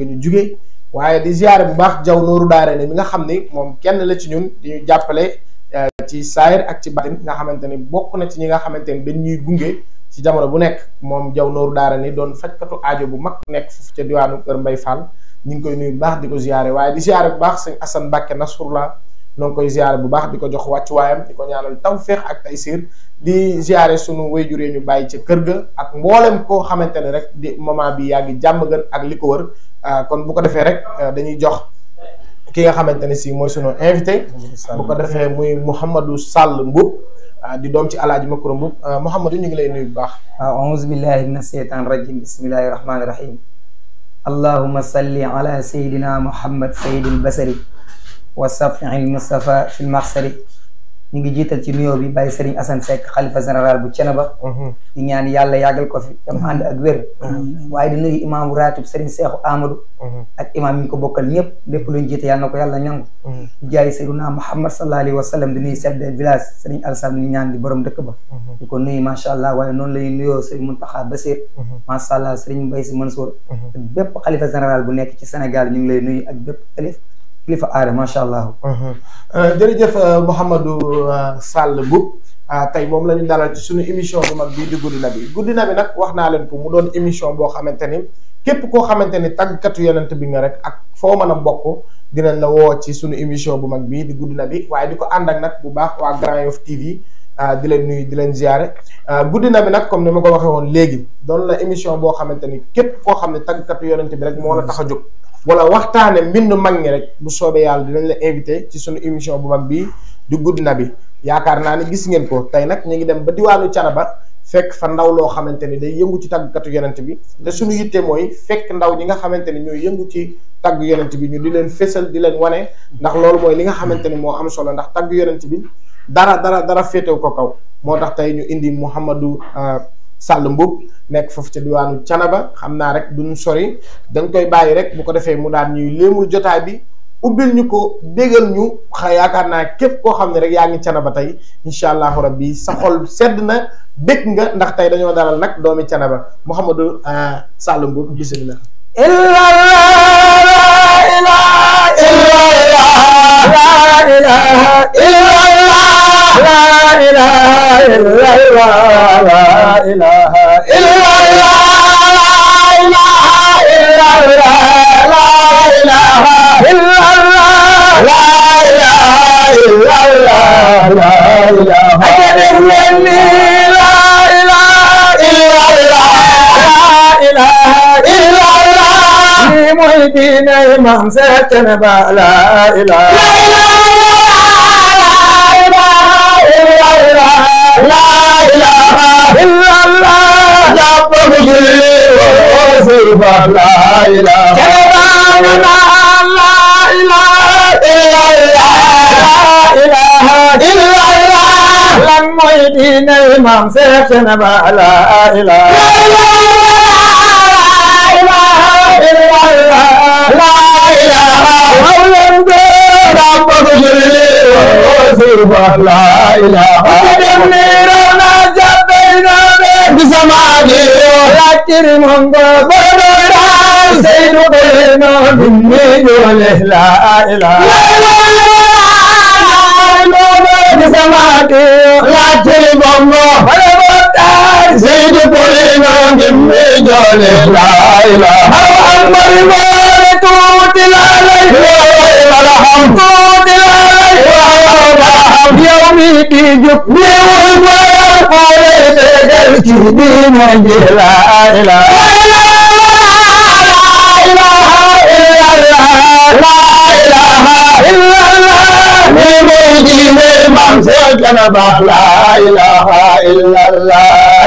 nga ñu jugee waaye di ziare bu baax jaw nooru daare ne mi nga xam ni moom kenn la ci ñun di ñu jàppale eh, ci saayir ak ci baatin nga xamante ni bokk na ci ñi nga xamante ni ñuy gunge ci jamono bu nekk moom jaw nooru daare ni doon fajkatu aajo bu mag nekk foofu ca diwaanu Kër Mbay Fall ñu ngi koy nuyu bu baax di ko ziare waaye di ziare bu baax sëñ Assane Mbàkke Nasrullah noo ngi koy ziare bu baax di ko jox wàccuwaayam di ko ñaanal tawféex ak taysiir di ziare sunu wéyjuree ñu bàyyi ca kër ga ak mboolem koo xamante ne rek di bi yaa ngi ak li ko wër Euh, kon bu ko defee rek euh, dañuy jox ki nga xamante ne si mooy sunu invité. bu ko defee muy Mouhamadou Sall Mboup euh, di doom ci alaaji Makoro Mboup Mouhamadou ñu ngi lay nuyu bu baax. waaw auzu billahi mina seytaan rajim bismillahi rahmaani rahim. allahuma salli ala sayyidina muhammad wa safiil mustafa fil maxsari ñu ngi jiital ci nuyoo bi bàyyi Serigne Assane Seck xalifa général bu Thiénaba mhm. di ñaan yàlla yàggal ko fi tam ànd ak wér mhm. waaye di nuyu imaamu raatib Serigne Seexu Amadou mhm. ak imaam yi ñu ko bokkal ñëpp lépp luñ jiite yàlla na ko yàlla ñangu jaay Seyduna Muhammad sallallahu alayhi wa borom dëkk ba di ko nuyu macha allah waaye noonu lañuy nuyoo Serigne Mountakha Bassir macha allah Serigne Mbaye Sy Mansour bépp xalifa général bu nekk ci Sénégal ñu ngi ak bépp xalif kilifa aare macha allah. Mhm. Euh, jërëjëf euh, Mouhamadou euh, Sall Mboup tey moom la ñu dalal ci suñu émission bu mag bii di guddi na bi guddi na nag wax naa leen ko mu doon émission boo xamante ni képp koo xamante ni tàggkatu yonent bi nga rek ak foo mën a bokk dinañ la woo ci suñu émission bu mag bii di guddi na bi waaye di ko ànd ak nag bu baax waa Grand Yoff TV. di leen nuyu di leen ziare guddi na bi nag comme ni ma ko waxee woon léegi doon la émission boo xamante ni képp koo xam ne tàggkatu yonent bi rek moo la tax a jóg. wala waxtaane mbindu mag ñi rek bu soobee yàlla dinañ la invité ci suñu émission bu mag bii di gudd na bi yaakaar naa ne gis ngeen ko tey nag ñu ngi dem ba diwaanu ba fekk fa ndaw loo xamante ni day yëngu ci tàggkatu yonent bi te suñu yitte mooy fekk ndaw ñi nga xamante ni ñooy yëngu ci tagg yonent bi ñu di leen fésal di leen wane ndax loolu mooy li nga xamante ni moo am solo ndax taggu yonent bi dara dara dara féetew ko kaw moo tax tey ñu indi Mouhamadou euh, Sall Mboup nekk foofu ca diwaanu Canaba xam naa rek ñu sori dañ koy bàyyi rek bu ko defee mu daan ñuy léemu jotaay bi ubbil ñu ko déggal ñu xa yaakaar naa képp koo xam ne rek yaa ngi Canaba tey incha allahu rabbi sa xol sedd na bëgg nga ndax tey dañoo daral nag doomi Canaba Mouhamadou euh, Sall Mboup bisimilah. إله إلا الله لا إله إلا الله لا إله إلا الله لا إله إلا الله لا إله إلا الله لا إله أجل مني لا إله إلا الله لا إله إلا الله محيدين من سكن لا إله لا إله لا إله إلا الله لم يدين الإمام سيخنا ما لا إله لا إله إلا الله لا إله مولا ربك جل وعلا لا إله ودمرنا جبينا بزمانه لا كرم بدرنا سيد بينا مني جوله لا إله بزمانه لا كرم بدرنا سيد بينا مني جوله لا إله أكبر di jóg déewul boo xoolee seedeel ci diine ji laa ilaaha جنبا لا إله إلا الله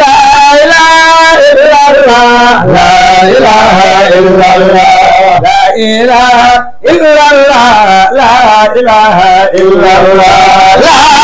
لا إله إلا الله لا إله إلا الله لا إله إلا الله لا إله إلا الله لا